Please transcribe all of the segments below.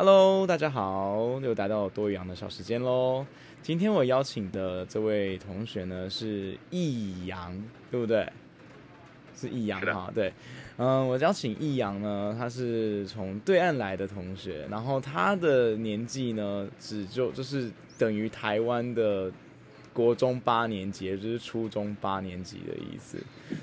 Hello，大家好，又來到多益的小時間嘍。今天我邀請的這位同學呢，是易洋，對不對？是易洋哈的、哦，對。嗯，我邀請易洋呢，他是從對岸來的同學，然後他的年紀呢，只就就是等於台灣的國中八年級，也就是初中八年級的意思，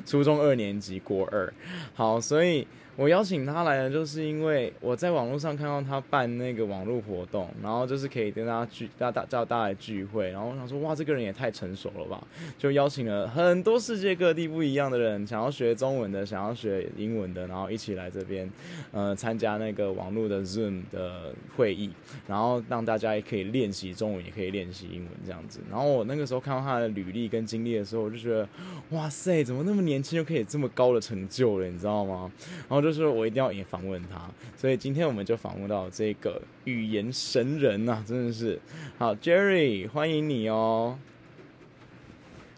初中二年級國二。好，所以。我邀請他來，就是因為我在網絡上看到他辦那個網絡活動，然後就是可以跟他聚，大家大家來聚會，然後我想說，哇，這個人也太成熟了吧！就邀請了很多世界各地不一樣的人，想要學中文的，想要學英文的，然後一起來這邊，呃，參加那個網絡的 Zoom 的會議，然後讓大家也可以練習中文，也可以練習英文這樣子。然後我那個時候看到他的履歷跟經歷的時候，我就覺得，哇塞，怎麼那麼年輕就可以這麼高的成就了？你知道嗎？然後。就是我一定要也訪問他，所以今天我們就訪問到這個語言神人啊，真的是好，Jerry，歡迎你哦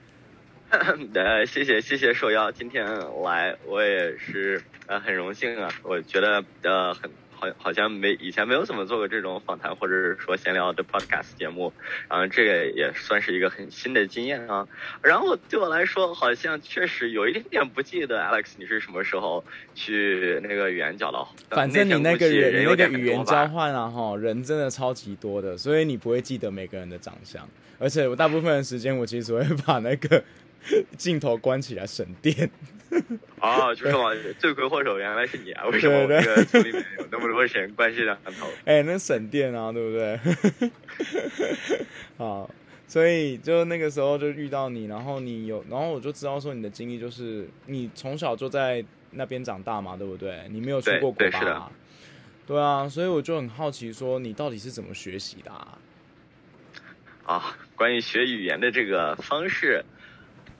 ！對，謝謝謝謝受邀，要今天來我也是呃很榮幸啊，我覺得呃很。好，好像沒以前沒有怎麼做過這種訪談，或者是說閒聊的 podcast 節目，然後這個也算是一個很新的經驗啊。然後對我來說，好像確實有一點點不記得 Alex，你是什麼時候去那個語言角了？反正你那個有點語言交換啊，哈，人真的超級多的，所以你不會記得每個人的長相。而且我大部分的時間，我其實只會把那個。鏡頭關起來省電啊！ oh, 就是嘛，罪魁對禍首原來是你啊！對為什麼我這個這裡面有那麼多神關攝像頭？哎、欸，那省電啊，對不對？ 好，所以就那個時候就遇到你，然後你有，然後我就知道說你的經歷就是你從小就在那邊長大嘛，對不對？你沒有出過國吧？對，對，是對啊，所以我就很好奇說你到底是怎麼學習的啊？啊，oh, 關於學語言的這個方式。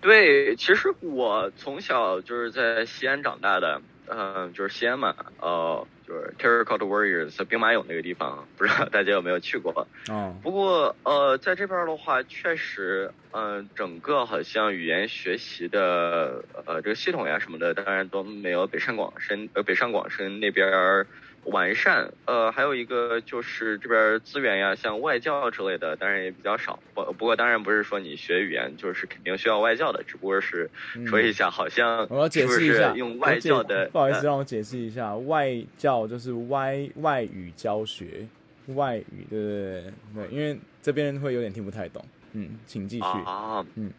對，其實我從小就是在西安長大的，嗯、呃，就是西安嘛，呃，就是 Terracotta Warriors 兵馬俑那個地方，不知道大家有沒有去過？嗯，oh. 不過呃，在這邊的話，確實，嗯、呃，整個好像語言學習的呃這個系統呀什麼的，當然都沒有北上廣深呃北上廣深那邊。完善，呃，還有一個就是這邊資源呀，像外教之類的，當然也比較少。不不過，當然不是說你學語言就是肯定需要外教的，只不過是說一下，好像是不是、嗯、我要解釋一下，是不是用外教的。不好意思，嗯、讓我解釋一下，外教就是外外語教學，外語，對，對對，對，因為這邊會有點聽不太懂。嗯，請繼續啊，嗯。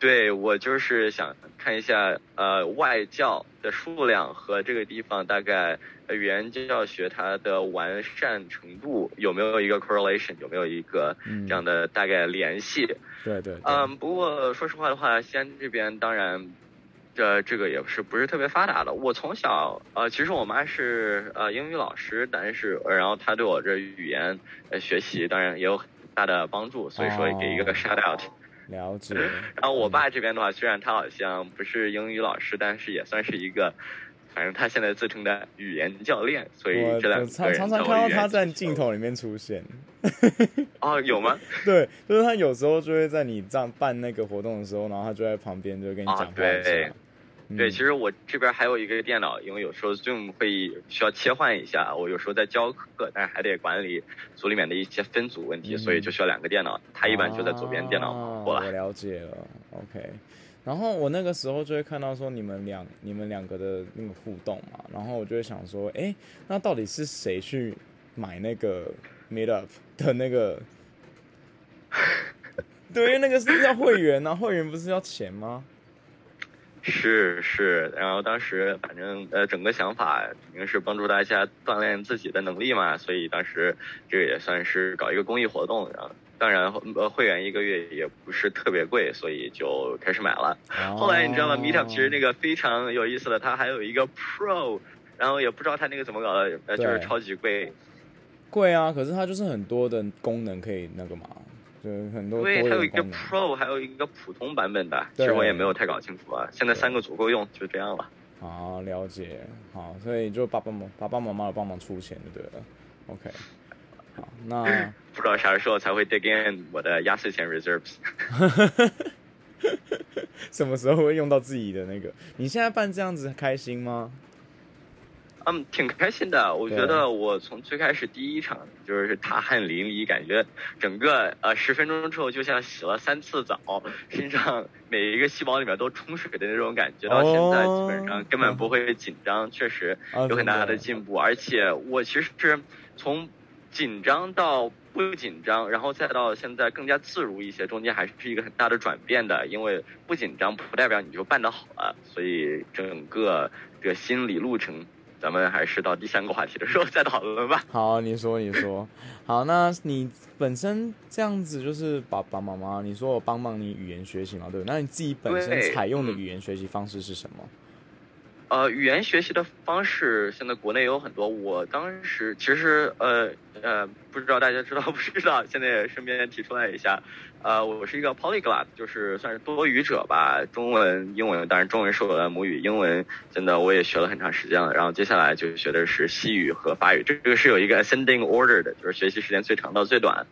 對我就是想看一下，呃，外教的數量和這個地方大概語言教學它的完善程度有沒有一個 correlation，嗯，有沒有一個這樣的大概聯繫？對，對對，嗯，不過說實話的話，西安這邊當然這，這這個也是不是特別發達的。我從小，呃，其實我媽是呃英語老師，但是然後她對我這語言學習當然也有很大的幫助，所以說給一個個 shout out。Oh. 了解。然後我爸這邊的話，嗯、雖然他好像不是英語老師，但是也算是一個，反正他現在自稱的語言教練，所以我常常看到他在鏡頭裡面出現。啊、哦，有嗎？ 對，就是他有時候就會在你這樣辦那個活動的時候，然後他就在旁邊就跟你講話、啊、對。嗯、對，其實我這邊還有一個電腦，因為有時候 Zoom 會需要切換一下，我有時候在教課，但是還得管理組裡面的一些分組問題，嗯、所以就需要兩個電腦。他一般就在左邊電腦過來、啊。我了解了，OK。然後我那個時候就會看到說你們兩、你們兩個的那個互動嘛，然後我就會想說，哎，那到底是誰去買那個 Meetup 的那個？對，那個是不是叫會員呢、啊？ 會員不是要錢嗎？是是，然後當時反正呃，整個想法肯定是幫助大家鍛鍊自己的能力嘛，所以當時這也算是搞一個公益活動啊。當然呃，會員一個月也不是特別貴，所以就開始買了。Oh, 後來你知道嗎？oh.Meetup 其實那個非常有意思的，它還有一個 Pro，然後也不知道它那個怎麼搞的，呃，對就是超級貴。貴啊！可是它就是很多的功能可以那個嘛。很多對，它有一個 Pro，還有一個普通版本的，對其實我也沒有太搞清楚啊。對現在三個足夠用，就這樣了。好，了解。好，所以就爸爸媽媽、爸爸媽媽幫忙出錢就對了。OK。好，那不知道啥時候才會 dig in 我的壓歲錢 reserves。 什麼時候會用到自己的那個？你現在辦這樣子開心嗎？挺開心的，我覺得我從最開始第一場就是是，大汗淋漓，感覺整個呃十分鐘之後就像洗了三次澡，身上每一個細胞裡面都充水的那種感覺。到現在基本上根本不會緊張，確實有很大的進步。而且我其實是從緊張到不緊張，然後再到現在更加自如一些，中間還是一個很大的轉變的。因為不緊張不代表你就辦得好了，所以整個這個心理路程。咱們還是到第三個話題的時候再討論吧。好啊，你說你說。好，那你本身這樣子就是爸爸媽媽，你說我幫忙你語言學習嘛，對不對？那你自己本身採用的語言學習方式是什麼？嗯、呃，語言學習的方式現在國內有很多。我當時其實呃呃，不知道大家知道不知道，現在也順便提出來一下。呃，uh, 我是一個 polyglot，就是算是多語者吧。中文、英文，當然中文是我的母語，英文真的我也學了很長時間了。然後接下來就學的是西語和法語，這個是有一個 ascending order 的，就是學習時間最長到最短。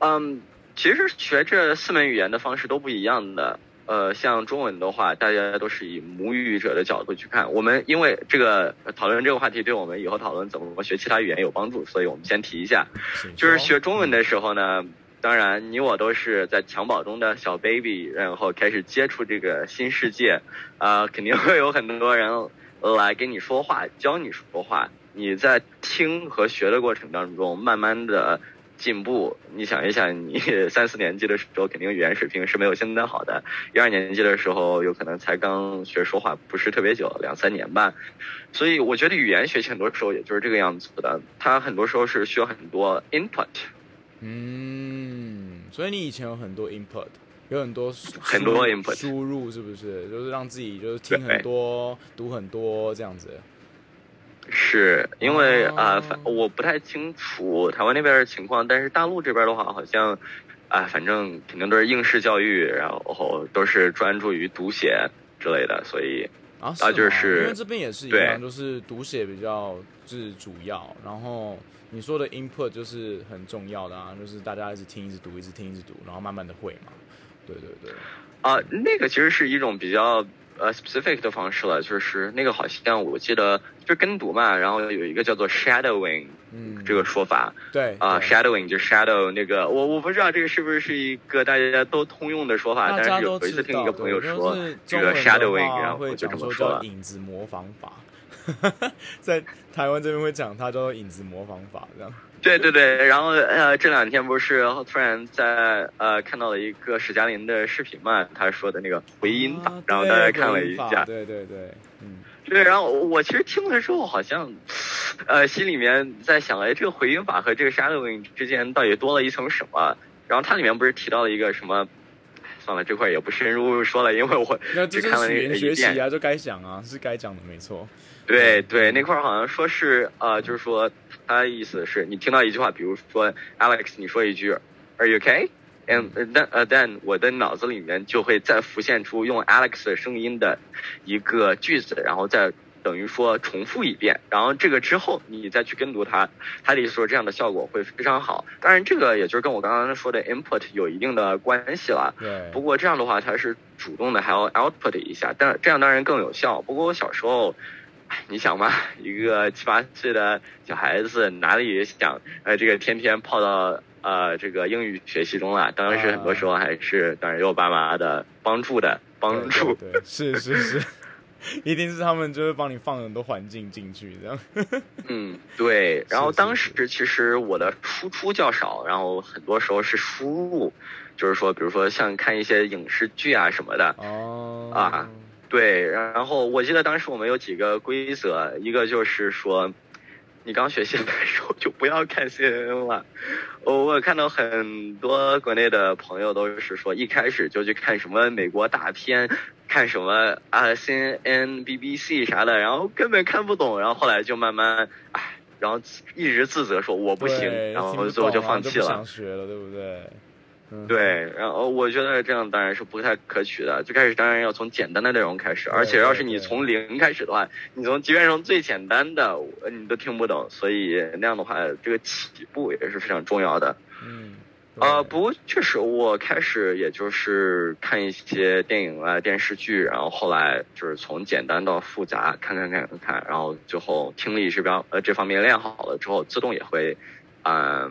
嗯，um，其實學這四門語言的方式都不一樣的。呃，像中文的話，大家都是以母語者的角度去看。我們因為這個討論這個話題，對我們以後討論怎麼學其他語言有幫助，所以我們先提一下，就是學中文的時候呢。嗯當然，你我都是在襁褓中的小 baby，然後開始接觸這個新世界，啊、呃，肯定會有很多人來跟你說話，教你說話。你在聽和學的過程當中，慢慢的進步。你想一想，你三四年級的時候，肯定語言水平是沒有現在好的。一二年級的時候，有可能才剛學說話，不是特別久，兩三年吧。所以，我覺得語言學習很多時候也就是這個樣子的。它很多時候是需要很多 input。嗯，所以你以前有很多 input，有很多很多 input 輸入，是不是？就是讓自己就是聽很多、對讀很多這樣子。是因為啊，啊反，我不太清楚台灣那邊的情況，但是大陸這邊的話，好像啊，反正肯定都是應試教育，然後都是專注於讀寫之類的，所以。啊，是嗎啊就是，因為這邊也是一樣，對就是讀寫比較是主要。然後你說的 input 就是很重要的啊，就是大家一直聽，一直讀，一直聽，一直讀，然後慢慢的會嘛。對對對。啊，那個其實是一種比較。呃，specific 的方式了，就是那個好像我記得就是跟讀嘛，然後有一個叫做 shadowing，嗯，這個說法，嗯、對，啊、呃、，shadowing、嗯、就 shadow 那個，我我不知道這個是不是一個大家都通用的說法，但是有一次聽一個朋友說這個 shadowing，然後我就這麼說了，說就影子模仿法。 在台灣這邊會講它叫做影子模仿法，這樣。對對對，然後呃，這兩天不是，然後突然在呃看到了一個史嘉林的視頻嘛，他說的那個回音法，啊、然後大家看了一下，對對對，嗯，對，然後我其實聽了之後，好像呃心裡面在想，哎，這個回音法和這個沙漏音之間到底多了一層什麼？然後它裡面不是提到了一個什麼？算了，這塊也不深入說了，因為我只看了那個語言學啊，就該講啊，是該講的，沒錯。對對，那塊好像說是呃，嗯、就是說他意思是你聽到一句話，比如說 Alex，你說一句 Are you okay? And 但呃但我的腦子裡面就會再浮現出用 Alex 聲音的一個句子，然後再。等於說重複一遍，然後這個之後你再去跟讀它，它的意思說這樣的效果會非常好。當然，這個也就是跟我剛剛說的 input 有一定的關係了。對。不過這樣的話，它是主動的，還要 output 一下，但這樣當然更有效。不過我小時候，你想嘛，一個七八歲的小孩子哪裡想呃，這個天天泡到呃這個英語學習中啊，當然是很多時候還是當然有爸媽的幫助的幫助。是是、啊、 是。是是一定是他們就會幫你放很多環境進去這樣嗯，嗯對，然後當時其實我的輸出較少，然後很多時候是輸入，就是說比如說像看一些影視劇啊什麼的，哦、oh. 啊，啊對，然後我記得當時我們有幾個規則，一個就是說。你剛學習的時候就不要看 CNN 了，oh, 我看到很多國內的朋友都是說，一開始就去看什麼美國大片，看什麼啊 CNN、BBC 啥的，然後根本看不懂，然後後來就慢慢唉，然後一直自責說我不行，對然後最後就放棄了，不想學了，對不對？嗯、對，然後我覺得這樣當然是不太可取的。最開始當然要從簡單的內容開始，而且要是你從零開始的話，對對對，你從即便是最簡單的你都聽不懂，所以那樣的話，這個起步也是非常重要的。嗯、呃，不過確實，我開始也就是看一些電影啊、電視劇，然後後來就是從簡單到複雜，看看看看看，然後最後聽力這邊呃這方面練好了之後，自動也會，嗯、呃。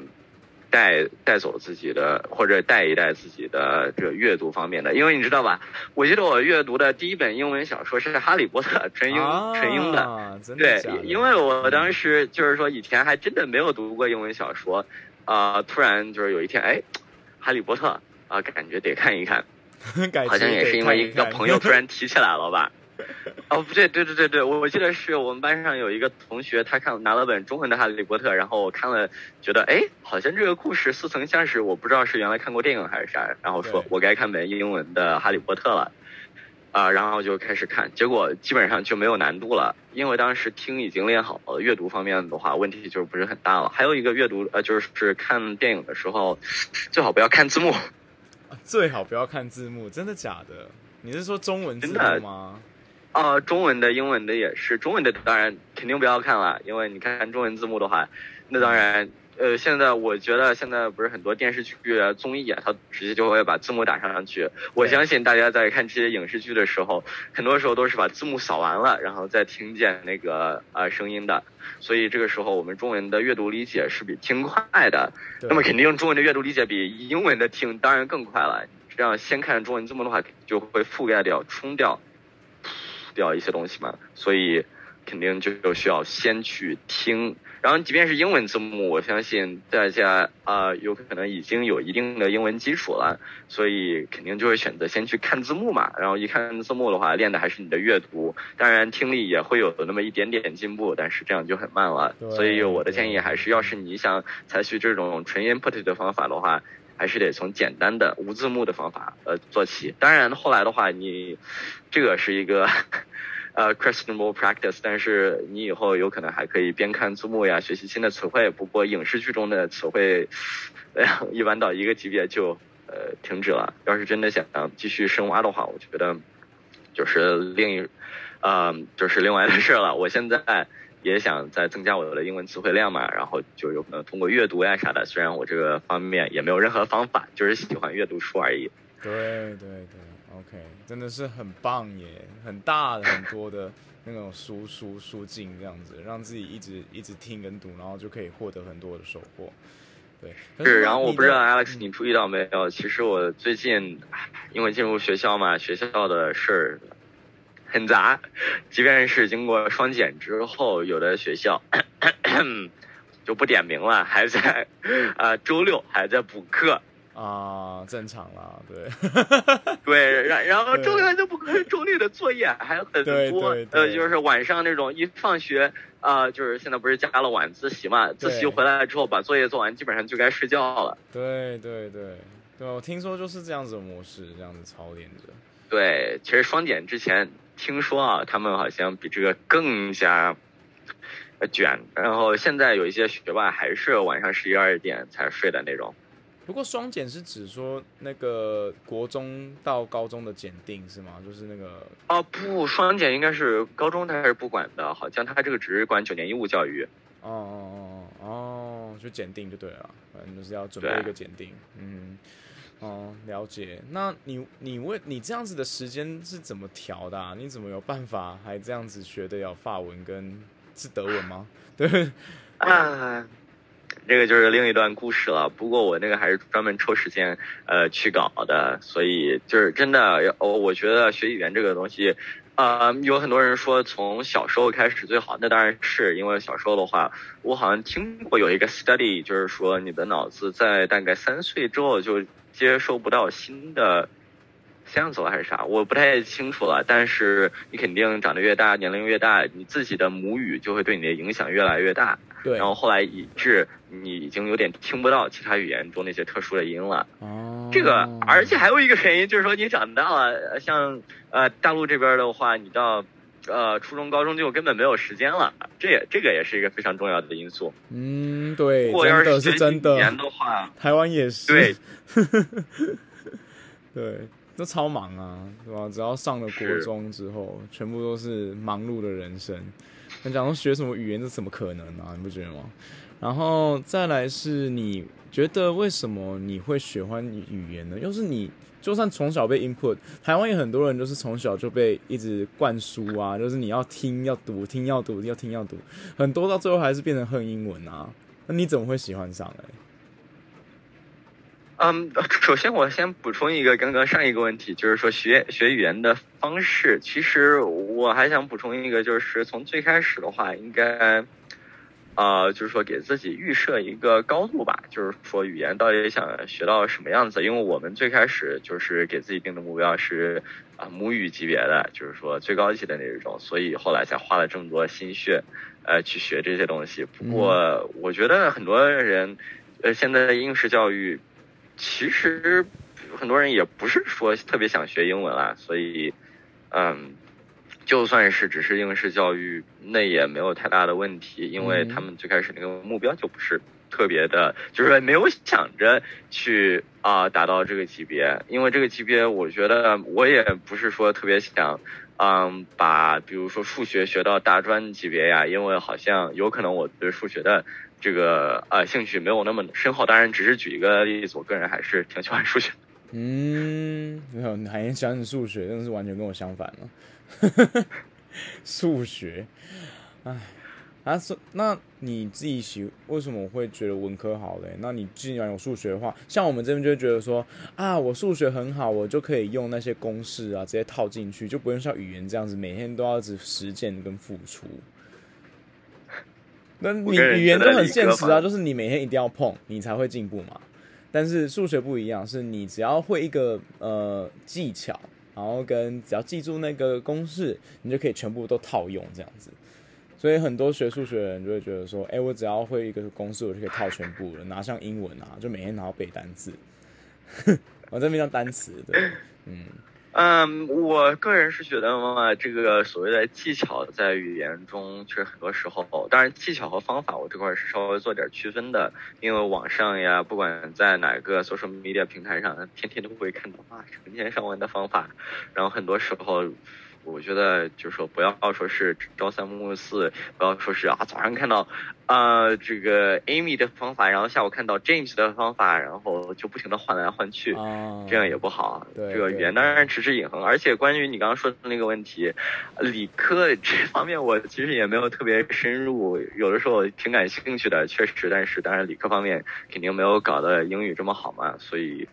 帶帶走自己的，或者帶一帶自己的這閱讀方面的，因為你知道吧？我記得我閱讀的第一本英文小說是《哈利波特》，純英純英的。啊、對，真的假的？因為我當時就是說以前還真的沒有讀過英文小說，啊、嗯呃，突然就是有一天，哎，《哈利波特》啊、呃，感覺得看一看， 感覺 好像也是因為一個朋友突然提起來了吧。 哦不對對對對對，我記得是我們班上有一個同學，他看拿了本中文的《哈利波特》，然後我看了覺得哎、欸，好像這個故事似曾相識，我不知道是原來看過電影還是啥，然後說對我該看本英文的《哈利波特》了，啊、呃，然後就開始看，結果基本上就沒有難度了，因為當時聽已經練好了，閱讀方面的話問題就不是很大了。還有一個閱讀呃就是看電影的時候，最好不要看字幕，啊，最好不要看字幕，真的假的？你是說中文字幕嗎？呃，uh, 中文的、英文的也是。中文的當然肯定不要看了，因為你看中文字幕的話，那當然，呃，現在我覺得現在不是很多電視劇、綜藝、啊，它直接就會把字幕打上上去。我相信大家在看這些影視劇的時候，對很多時候都是把字幕掃完了，然後再聽見那個，呃，聲音的。所以這個時候，我們中文的閱讀理解是比聽快的。對那麼肯定中文的閱讀理解比英文的聽當然更快了。這樣先看中文字幕的話，就會覆蓋掉、沖掉。要一些東西嘛，所以肯定就就需要先去聽，然後即便是英文字幕，我相信大家啊、呃，有可能已經有一定的英文基礎了，所以肯定就會選擇先去看字幕嘛，然後一看字幕的話，練的還是你的閱讀，當然聽力也會有那麼一點點進步，但是這樣就很慢了，所以我的建議還是，要是你想採取這種純 input 的方法的話。還是得從簡單的無字幕的方法呃做起。當然，後來的話，你這個是一個呃 questionable practice，但是你以後有可能還可以邊看字幕呀，學習新的詞彙。不過影視劇中的詞彙一般到一個級別就呃停止了。要是真的想繼續深挖的話，我覺得就是另一嗯、呃、就是另外的事了。我現在。也想再增加我的英文詞彙量嘛，然後就有可能通過閱讀呀啥的。雖然我這個方面也沒有任何方法，就是喜歡閱讀書而已。對對對，OK，真的是很棒耶，很大的很多的那種書 書書籍這樣子，讓自己一直一直聽跟讀，然後就可以獲得很多的收穫。對，是。是啊、然後我不知道你的 Alex 你注意到沒有？其實我最近因為進入學校嘛，學校的事兒。很雜，即便是經過雙減之後，有的學校咳咳咳就不點名了，還在啊、呃、周六還在補課啊，正常啦，對 對，然然後周六還在補課，周六的作業還有很多，呃，就是晚上那種一放學啊、呃，就是現在不是加了晚自習嘛，自習回來了之後把作業做完，基本上就該睡覺了，對對對，對，對，對，我聽說就是這樣子的模式，這樣子操練着，對，其實雙減之前。聽說啊，他們好像比這個更加卷。然後現在有一些學霸還是晚上十一二點才睡的那種。不過雙減是指說那個國中到高中的檢定是嗎？就是那個？哦不，雙減應該是高中他還是不管的，好像他這個只是管九年義務教育。哦哦哦哦，哦，就檢定就對了，反正就是要準備一個檢定，對嗯。哦，了解。那你你問你，你這樣子的時間是怎麼調的啊？你怎麼有辦法還這樣子學的有法文跟是德文嗎？啊，對，那，啊，這個就是另一段故事了。不過我那個還是專門抽時間呃去搞的，所以就是真的要，我我覺得學語言這個東西。呃，um, 有很多人說從小時候開始最好，那當然是，因為小時候的話，我好像聽過有一個 study，就是說你的腦子在大概三歲之後就接收不到新的。像走還是啥，我不太清楚了。但是你肯定長得越大，年齡越大，你自己的母語就會對你的影響越來越大。對，然後後來以致你已經有點聽不到其他語言中那些特殊的音了。哦，這個，而且還有一個原因就是說你長大了，像呃大陸這邊的話，你到呃初中高中就根本沒有時間了。這也這個也是一個非常重要的因素。嗯，對，真的是真的。台灣也是。對。 對。那超忙啊，對吧？只要上了國中之後，全部都是忙碌的人生。你講說學什麼語言，這怎麼可能啊？你不覺得嗎？然後再來是你覺得為什麼你會喜歡語言呢？又是你就算從小被 input，台灣有很多人就是從小就被一直灌輸啊，就是你要聽要讀，聽要讀，要聽要讀，很多到最後還是變成恨英文啊。那你怎麼會喜歡上嘞？嗯，um, 首先我先補充一個剛剛上一個問題，就是說學學語言的方式。其實我還想補充一個，就是從最開始的話，應該啊、呃，就是說給自己預設一個高度吧，就是說語言到底想學到什麼樣子？因為我們最開始就是給自己定的目標是啊母語級別的，就是說最高級的那種，所以後來才花了這麼多心血呃去學這些東西。不過我覺得很多人呃現在的應試教育。其實很多人也不是說特別想學英文啊，所以，嗯，就算是只是應試教育，那也沒有太大的問題，因為他們最開始那個目標就不是特別的，嗯、就是沒有想着去啊、呃、達到這個級別，因為這個級別我覺得我也不是說特別想，嗯，把比如說數學學到大專級別呀，因為好像有可能我對數學的。這個啊，興趣沒有那麼深厚。當然，只是舉一個例子。我個人還是挺喜歡數學。嗯，沒有，你還想你數學，但是完全跟我相反了。 數學，唉，啊，那你自己喜為什麼我會覺得文科好嘞？那你既然有數學的話，像我們這邊就會覺得說啊，我數學很好，我就可以用那些公式啊直接套進去，就不用像語言這樣子，每天都要去實踐跟付出。那你語言就很現實啊，就是你每天一定要碰，你才會進步嘛。但是數學不一樣，是你只要會一個呃技巧，然後跟只要記住那個公式，你就可以全部都套用這樣子。所以很多學數學的人就會覺得說，哎、欸，我只要會一個公式，我就可以套全部了。哪像英文啊，就每天拿背單詞， 我這邊叫單詞，對，嗯。嗯，um, 我個人是覺得嘛，這個所謂的技巧在語言中，其實很多時候，當然技巧和方法，我這塊是稍微做點區分的，因為網上呀，不管在哪個 social media 平台上，天天都會看到啊，成千上萬的方法，然後很多時候。我覺得就是說，不要說是朝三暮四，不要說是啊早上看到，呃這個 Amy 的方法，然後下午看到 James 的方法，然後就不停的換來換去，uh, 這樣也不好。對這個語言當然持之以恆。對而且關於你剛剛說的那個問題，理科這方面我其實也沒有特別深入，有的時候挺感興趣的，確實，但是當然理科方面肯定沒有搞得英語這麼好嘛，所以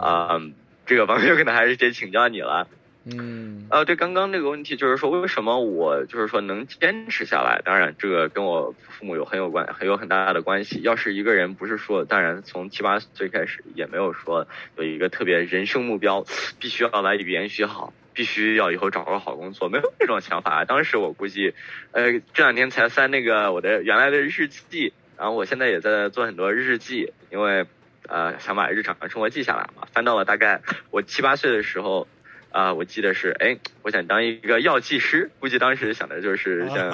啊、uh, 呃、這個方面就可能還是得請教你了。嗯，呃，對，剛剛那個問題就是說，為什麼我就是說能堅持下來？當然，這個跟我父母有很有關，很有很大的關係。要是一個人不是說，當然從七八歲開始也沒有說有一個特別人生目標，必須要把語言學好，必須要以後找個好工作，沒有這種想法。當時我估計，呃，這兩天才翻那個我的原來的日記，然後我現在也在做很多日記，因為，呃，想把日常生活記下來嘛。翻到了大概我七八歲的時候。啊，uh, 我記得是哎，我想當一個藥劑師，估計當時想的就是像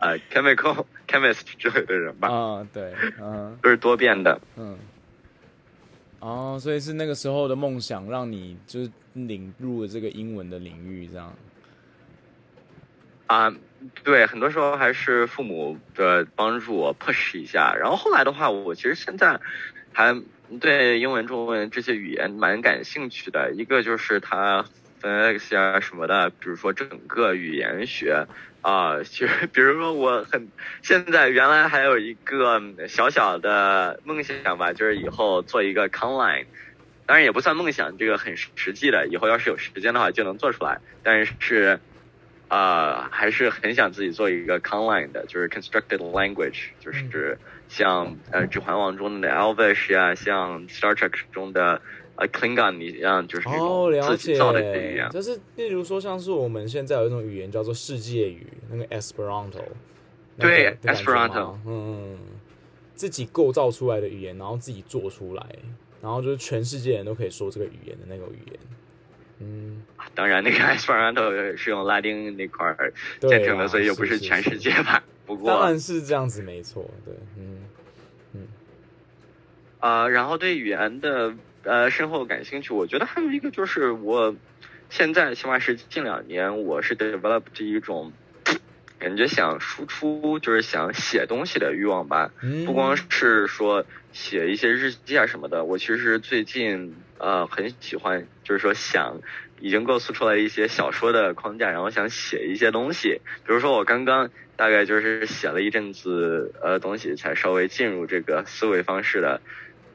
啊、uh,，chemical、chemist 之類的人吧。啊，對，啊，都是多變的。嗯，哦，所以是那個時候的夢想，讓你就是領入了這個英文的領域，這樣。啊，uh, 對，很多時候還是父母的幫助我 push 一下。然後後來的話，我其實現在還對英文、中文這些語言蠻感興趣的。一個就是它。N X 些什麼的，比如說整個語言學啊、呃，其實比如說我很現在原來還有一個小小的夢想吧，就是以後做一個 conlang，當然也不算夢想，這個很實際的，以後要是有時間的話就能做出來。但是，啊、呃，還是很想自己做一個 conlang 的，就是 constructed language，就是像、嗯、呃《指環王》中的 Elvish 呀、啊，像 Star Trek 中的。啊、uh,，Klingon 一樣就是自己造的語言。oh, 了解，是例如說，像是我們現在有一種語言叫做世界語，那個 Esperanto，對後，Esperanto，嗯，自己構造出來的語言，然後自己做出來，然後就是全世界人都可以說這個語言的那個語言。嗯，啊、當然，那個 Esperanto 是用拉丁那塊兒建成的，啊、所以又不是全世界吧？是是是，不過，當然是這樣子，沒錯，對，嗯嗯。啊，uh, 然後對語言的。呃，深厚感興趣，我覺得還有一個就是，我現在起碼是近兩年，我是 develop 這一種感覺，想輸出，就是想寫東西的欲望吧。嗯。不光是說寫一些日記啊什麼的，我其實最近呃很喜歡，就是說想已經構思出來一些小說的框架，然後想寫一些東西。比如說我剛剛大概就是寫了一陣子呃東西，才稍微進入這個思維方式的。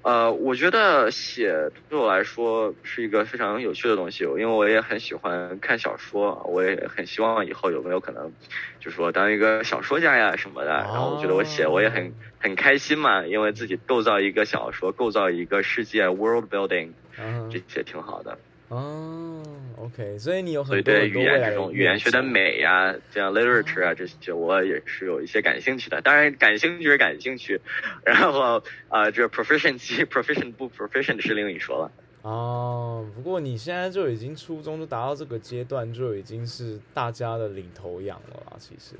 呃，uh, 我覺得寫對我來說是一個非常有趣的東西，因為我也很喜歡看小說，我也很希望以後有沒有可能，就說當一個小說家呀什麼的。Oh. 然後我覺得我寫我也很很開心嘛，因為自己構造一個小說，構造一個世界 （world building），Oh. 這些挺好的。哦，OK，所以你有很多，很多語言語言學的美呀、啊，美啊、這樣 literature 啊這些，啊、我也是有一些感興趣的。當然，感興趣是感興趣，然後啊，這、呃、個 proficiency proficient 不 proficient 是另一說了。哦，不過你現在就已經初中就達到這個階段，就已經是大家的領頭羊了啦。其實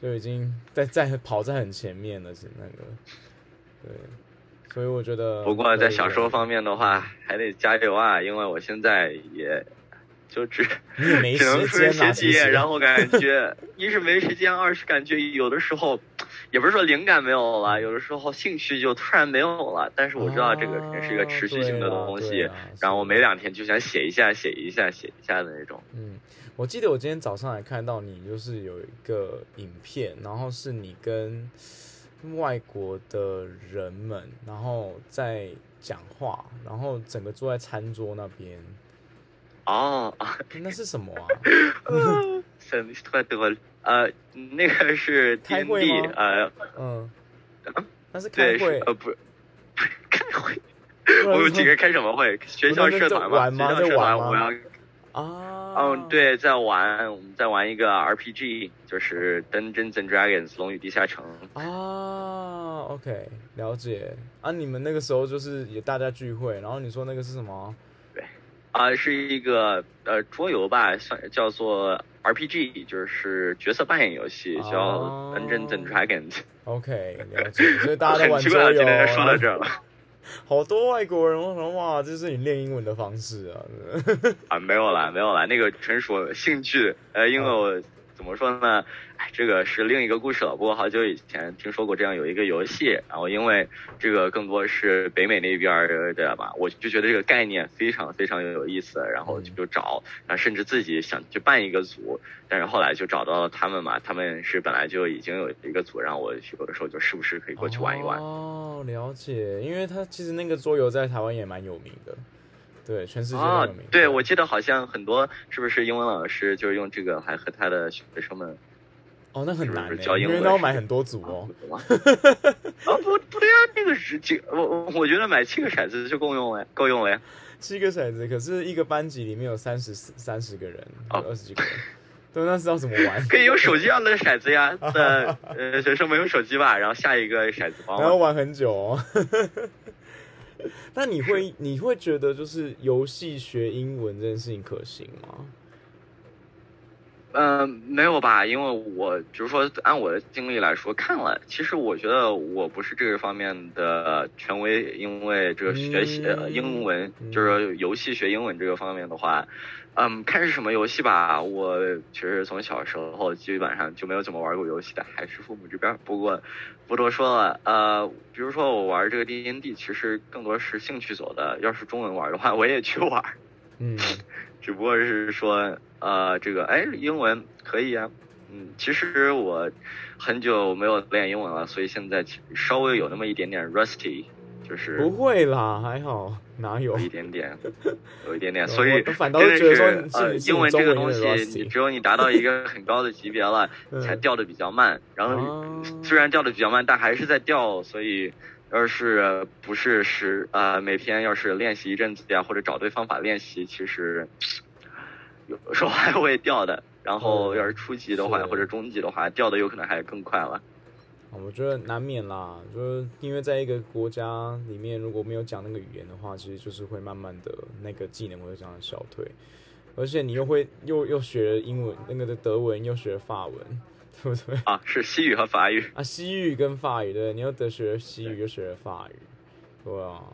就已經在在跑在很前面了，是那個，對。所以我覺得，不過在小說方面的話，對還得加油啊！對因為我現在也，就只，只能出去寫幾頁，實然後感覺 一是沒時間，二是感覺有的時候，也不是說靈感沒有了，嗯、有的時候興趣就突然沒有了。但是我知道這個肯定是一個持續性的東西，啊啊啊、然後我每兩天就想寫一下，寫一下，寫一下的那種。嗯，我記得我今天早上還看到你，就是有一個影片，然後是你跟。外國的人們，然後在講話，然後整個坐在餐桌那邊。啊啊！那是什麼啊？呃、oh, uh,，那個是天地。開會嗎？呃，嗯。那是開會？呃不，開會。我們幾個開什麼會？學校社團嗎？學校社團，玩嗎我哦，啊 uh, 對，在玩，我們在玩一個 RPG，就是 Dungeons and Dragons，龍與地下城。哦、啊，OK，了解。啊，你們那個時候就是也大家聚會，然後你說那個是什麼？對，啊，是一個呃桌遊吧，算，叫做 RPG，就是角色扮演遊戲，啊，叫 Dungeons and Dragons。OK，了解。所以大家都玩桌遊 很奇怪，今天就說到這了。 好多外國人哇！這是你練英文的方式啊？啊，沒有啦，沒有啦，那個純屬興趣，呃，因為我，嗯怎麼說呢？哎，這個是另一個故事了。不過好久以前聽說過這樣有一個遊戲，然後因為這個更多是北美那邊的，對吧？我就覺得這個概念非常非常有意思，然後就找，嗯，甚至自己想去辦一個組。但是後來就找到了他們嘛，他們是本來就已經有一個組，讓我有的時候就時不時可以過去玩一玩。哦，了解，因為他其實那個桌遊在台灣也蠻有名的。對，全世界有名，哦。對，我記得好像很多，是不是英文老師就是用這個，還和他的學生們，哦，那很難，教英文要買很多組哦。哦，不不對啊，那個是幾？我我我覺得買七個骰子就夠用了。夠用了呀。七個骰子，可是一個班級裡面有三十三十個人，哦、那個，二十幾個人，都、哦、那是要怎麼玩？可以用手機上的骰子呀，呃， 學生們用手機吧，然後下一個骰子，然後玩很久。哦。 那 你會，你會覺得就是遊戲學英文這件事情可行嗎？嗯，沒有吧，因為我比如說，按我的經歷來說，看了，其實我覺得我不是這個方面的權威，因為這個學習英文、嗯、就是遊戲學英文這個方面的話。嗯，看是、um, 什麼遊戲吧。我其實從小時候基本上就沒有怎麼玩過遊戲的，還是父母這邊。不過不多說了。呃，比如說我玩這個 DND，其實更多是興趣走的。要是中文玩的話，我也去玩。嗯，只不過是說，呃，這個哎，英文可以呀、啊。嗯，其實我很久沒有練英文了，所以現在稍微有那麼一點點 rusty。就是，不會啦，還好，哪有一點點，有一點點，所以反倒是覺得說，就是、呃，英文這個東西，你只有你達到一個很高的級別了， 嗯、才掉的比較慢。然後雖然掉的比較慢，但還是在掉。所以要是不是時，啊、呃，每天要是練習一陣子呀、啊，或者找對方法練習，其實有時候還會掉的。然後要是初級的話，嗯、或者中級的話，掉的有可能還更快了。我覺得難免啦，就是因為在一個國家裡面，如果沒有講那個語言的話，其實就是會慢慢的那個技能會這樣消退，而且你又會又又學英文，那個德文又學法文，對不對？啊，是西語和法語啊，西語跟法語對，你又得學西語對又學法語，對啊，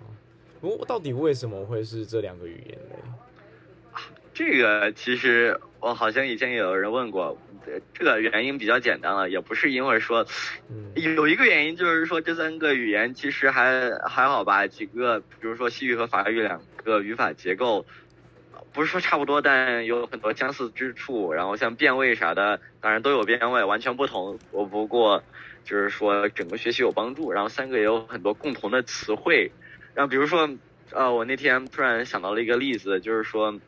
不過我到底為什麼會是這兩個語言呢？這個其實我好像以前也有人問過，這個原因比較簡單了，也不是因為說，有一個原因就是說這三個語言其實還還好吧，幾個比如說西語和法語兩個語法結構，不是說差不多，但有很多相似之處。然後像變位啥的，當然都有變位，完全不同。我不過就是說整個學習有幫助，然後三個也有很多共同的詞彙。然後比如說，呃，我那天突然想到了一個例子，就是說。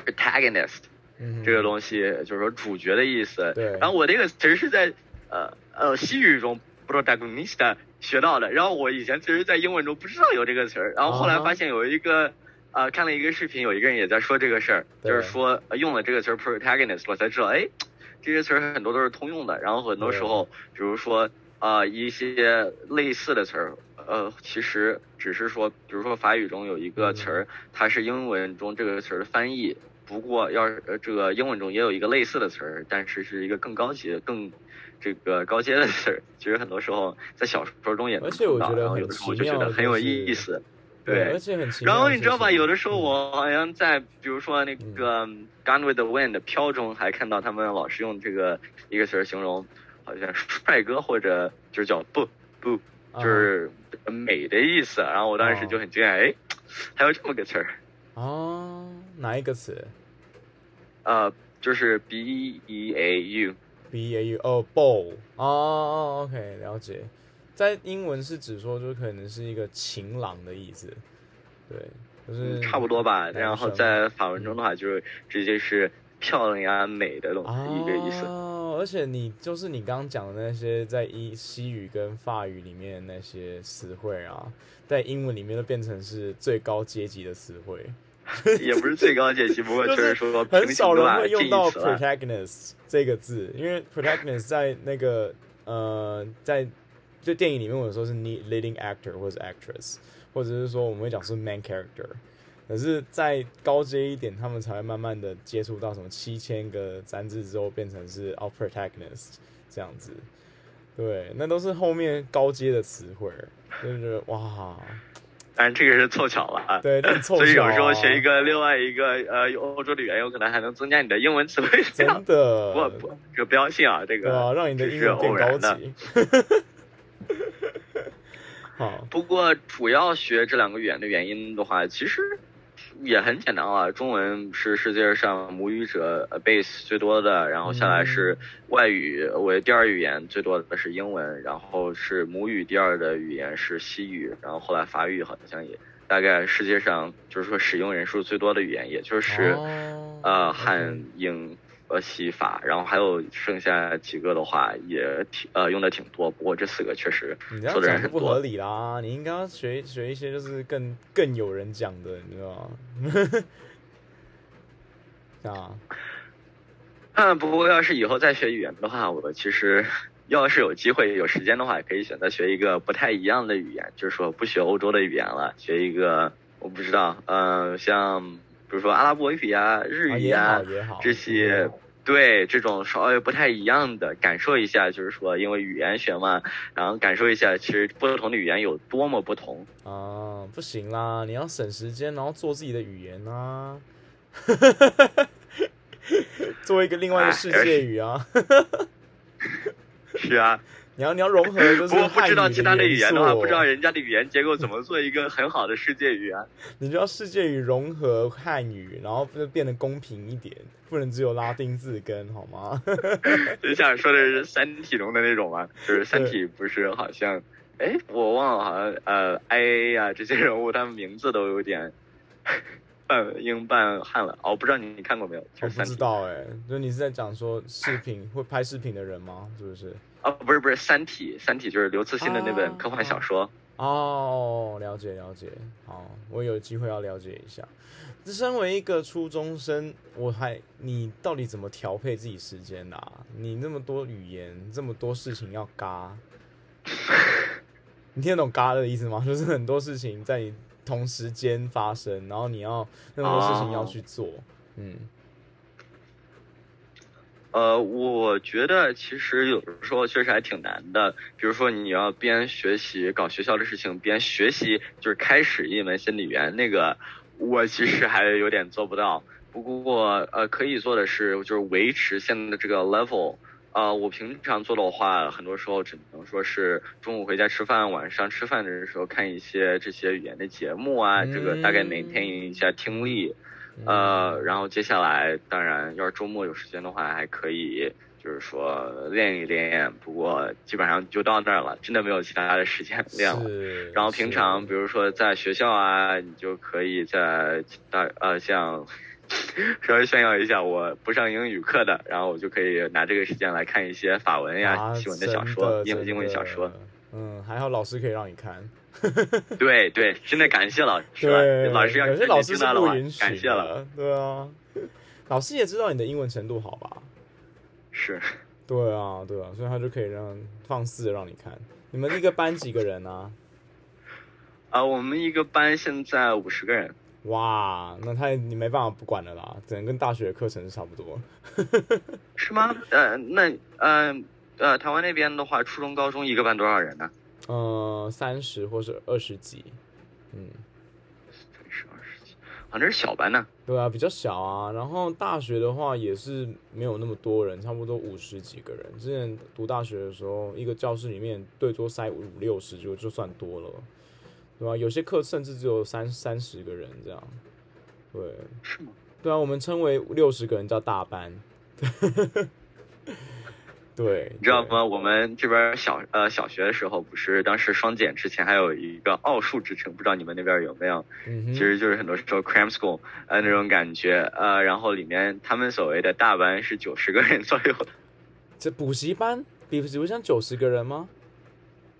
protagonist、嗯、這個東西就是說主角的意思，對然後我這個詞是在呃呃西語中 protagonista 學到的，然後我以前其實，在英文中不知道有這個詞兒，然後後來發現有一個、uh huh. 呃看了一個視頻，有一個人也在說這個事兒，對就是說、呃、用了這個詞兒 protagonist，我才知道哎，這些詞兒很多都是通用的，然後很多時候對比如說啊、呃、一些類似的詞兒。呃，其實只是說，比如說法語中有一個詞兒，嗯、它是英文中這個詞兒的翻譯。不過要是呃，這個英文中也有一個類似的詞兒，但是是一個更高級的、更這個高階的詞兒。其實很多時候在小說中也能碰到，就是、然後有的時候就覺得很有意思。對，然後你知道吧？有的時候我好像在比如說那個《Gone with the Wind》的飄中還看到他們老是用這個一個詞兒形容，好像帥哥或者就是叫不不、啊、就是。美的意思、啊，然後我當時就很驚訝，哎、oh. 欸，還有這麼個詞兒，哦、啊，哪一個詞？呃，uh, 就是 b e a u，b a u，哦，beau 哦哦，哦，OK，了解，在英文是指說就可能是一個情郎的意思，對，就是、嗯、差不多吧。然後在法文中的話，就是直接是漂亮呀、啊、美的那種，一個意思。嗯而且你就是你剛剛講的那些在一西語跟法語裡面的那些詞彙啊，在英文裡面都變成是最高階級的詞彙， 也不是最高階級，不過確實說很少人會用到 protagonist 這個字， 因為 protagonist 在那個呃在就電影裡面，我說是 leading actor 或者 actress，或者是說我們會講是 main character。可是，再高階一點，他們才會慢慢的接觸到什麼七千個單字之後變成是 upper techness 這樣子，對，那都是後面高階的詞彙，就是哇！但、啊、這個是湊巧了、這個、啊，對，湊巧。所以有時候學一個另外一個呃，有歐洲的語言，有可能還能增加你的英文詞彙量的。不不，這不要信啊，這個只、啊、是偶然的。英文變高級哈哈哈。好，不過主要學這兩個語言的原因的話，其實。也很簡單啊，中文是世界上母語者，呃，base 最多的，然後下來是外語為第二語言最多的，是英文，然後是母語第二的語言是西語，然後後來法語好像也大概世界上就是說使用人數最多的語言，也就是，哦，呃漢英。嗯和西法，然後還有剩下幾個的話也挺呃用的挺多，不過這四個確實說的人還很多。你這樣講是不合理啦，你應該要學學一些就是更更有人講的，你知道嗎？ 啊，不過要是以後再學語言的話，我其實要是有機會有時間的話，也可以選擇學一個不太一樣的語言， 就是說不學歐洲的語言了，學一個我不知道，嗯、呃，像比如說阿拉伯語啊、日語啊，啊也好也好這些也好。對，這種稍微不太一樣的感受一下，就是說，因為語言學嘛，然後感受一下，其實不同的語言有多麼不同。啊，不行啦，你要省時間，然後做自己的語言啦、啊。 做一個另外一個世界語啊，啊是， 是啊。你要你要融合語語，如果不，不知道其他的語言的話，不知道人家的語言結構怎麼做一個很好的世界語言。你就要世界語融合漢語，然後就變得公平一點，不能只有拉丁字根，好嗎？ 就像說的是《三體》中的那種嗎？就是《三體》不是好像，哎對，我忘了，好像呃，A A 呀，這些人物，他們名字都有點半英半漢了。哦，不知道你你看過沒有？我、就是哦、不知道哎、欸，就你是在講說視頻 會拍視頻的人嗎？是不是？哦、oh，不是不是，《三體》《三體》就是劉慈欣的那本科幻小說哦，oh, 了解了解，好，我有機會要了解一下。身為一個初中生，我還你到底怎麼調配自己時間的、啊？你那麼多語言，這麼多事情要嘎， 你聽得懂“嘎”的意思嗎？就是很多事情在你同時間發生，然後你要那麼多事情要去做，oh. 嗯。呃，我覺得其實有時候確實還挺難的。比如說，你要邊學習搞學校的事情，邊學習就是開始一門新語言，那個我其實還有點做不到。不過，呃，可以做的是就是維持現在的這個 level、呃。啊，我平常做的話，很多時候只能說是中午回家吃飯，晚上吃飯的時候看一些這些語言的節目啊，嗯、這個大概能聽一下聽力。嗯、呃，然後接下來，當然要是周末有時間的話，還可以就是說練一練。不過基本上就到那了，真的沒有其他的時間練了。是然後平常是比如說在學校啊，你就可以在大呃像稍微炫耀一下我不上英語課的，然後我就可以拿這個時間來看一些法文呀、啊、西文、啊、的小說、的英英文、文小說的。嗯，還好老師可以讓你看。 對對，真的感謝老師，是吧對老師要聽聽到感謝了。對啊，老師也知道你的英文程度好吧？是，對啊，對啊，所以他就可以讓放肆地讓你看。你們一個班幾個人呢、啊？啊、呃，我們一個班現在五十個人。哇，那他你沒辦法不管的啦，只能跟大學課程是差不多。 是嗎？呃，那呃呃，台灣那邊的話，初中、高中一個班多少人呢、啊？嗯，三十、呃、或是二十幾，嗯，三十二十幾，反正是小班呢，對啊，比較小啊。然後大學的話也是沒有那麼多人，差不多五十幾個人。之前讀大學的時候，一個教室裡面最多塞五六十就就算多了，對吧、啊？有些課甚至只有三三十個人這樣。對，是嗎？對啊，我們稱為六十個人叫大班。 對，對，你知道嗎？我們這邊小、呃、小學的時候，不是當時雙減之前，還有一個奧數之城，不知道你們那邊有沒有？嗯、哼其實就是很多時候 cram school，呃，那種感覺，呃，然後裡面他們所謂的大班是九十個人左右，這補習班，補習班像九十個人嗎？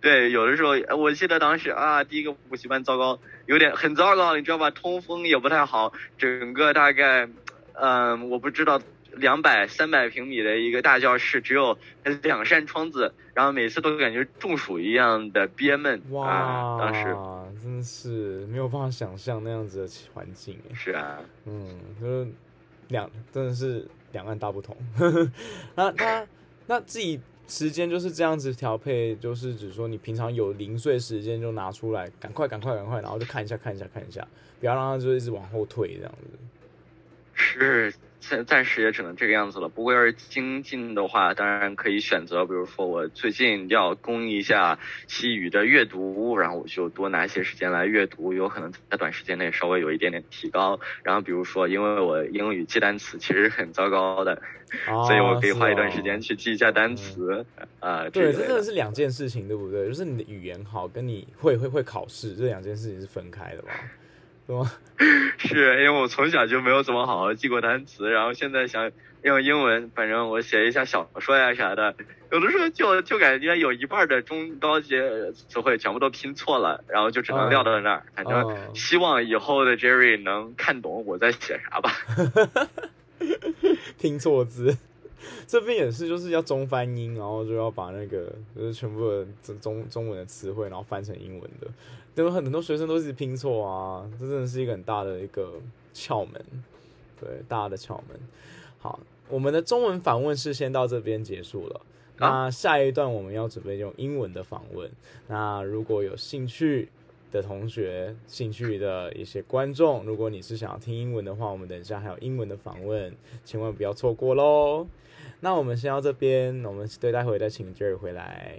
對，有的時候我記得當時啊，第一個補習班糟糕，有點很糟糕，你知道吧？通風也不太好，整個大概，嗯、呃，我不知道。兩百、三百平米的一個大教室，只有兩扇窗子，然後每次都感覺中暑一樣的憋悶哇，當時啊，啊是真的是沒有辦法想象那樣子的環境。是啊，嗯，就是兩真的是兩岸大不同。 那他那，那自己時間就是這樣子調配，就是只說你平常有零碎時間就拿出來，趕快、趕快、趕快，然後就看一下、看一下、看一下，不要讓它就一直往後退這樣子。是。暫暫時也只能這個樣子了。不過要是精進的話，當然可以選擇，比如說我最近要攻一下西語的閱讀，然後我就多拿一些時間來閱讀，有可能在短時間內稍微有一點點提高。然後比如說，因為我英語記單詞其實很糟糕的，哦、所以我可以花一段時間去記一下單詞。啊、哦，呃、對，對，這個是兩件事情，對不對？就是你的語言好跟你會會會考試這兩件事情是分開的吧？ 是，是，是因為我從小就沒有怎麼好好記過單詞，然後現在想用英文，反正我寫一下小說呀、啊、啥的，有的時候就就感覺有一半的中高級詞彙全部都拼錯了，然後就只能撂到那兒。Uh, 反正希望以後的 Jerry 能看懂我在寫啥吧。拼 錯字，這邊也是，就是要中翻英，然後就要把那個就是全部的中中中文的詞彙，然後翻成英文的。對，有很多學生都一直拼錯啊，這真的是一個很大的一個竅門，對，大的竅門。好，我們的中文訪問是先到這邊結束了。嗯、那下一段我們要準備用英文的訪問。那如果有興趣的同學、興趣的一些觀眾，如果你是想要聽英文的話，我們等一下還有英文的訪問，千萬不要錯過嘍。那我們先到這邊，我們對，待會再請 Jerry 回來。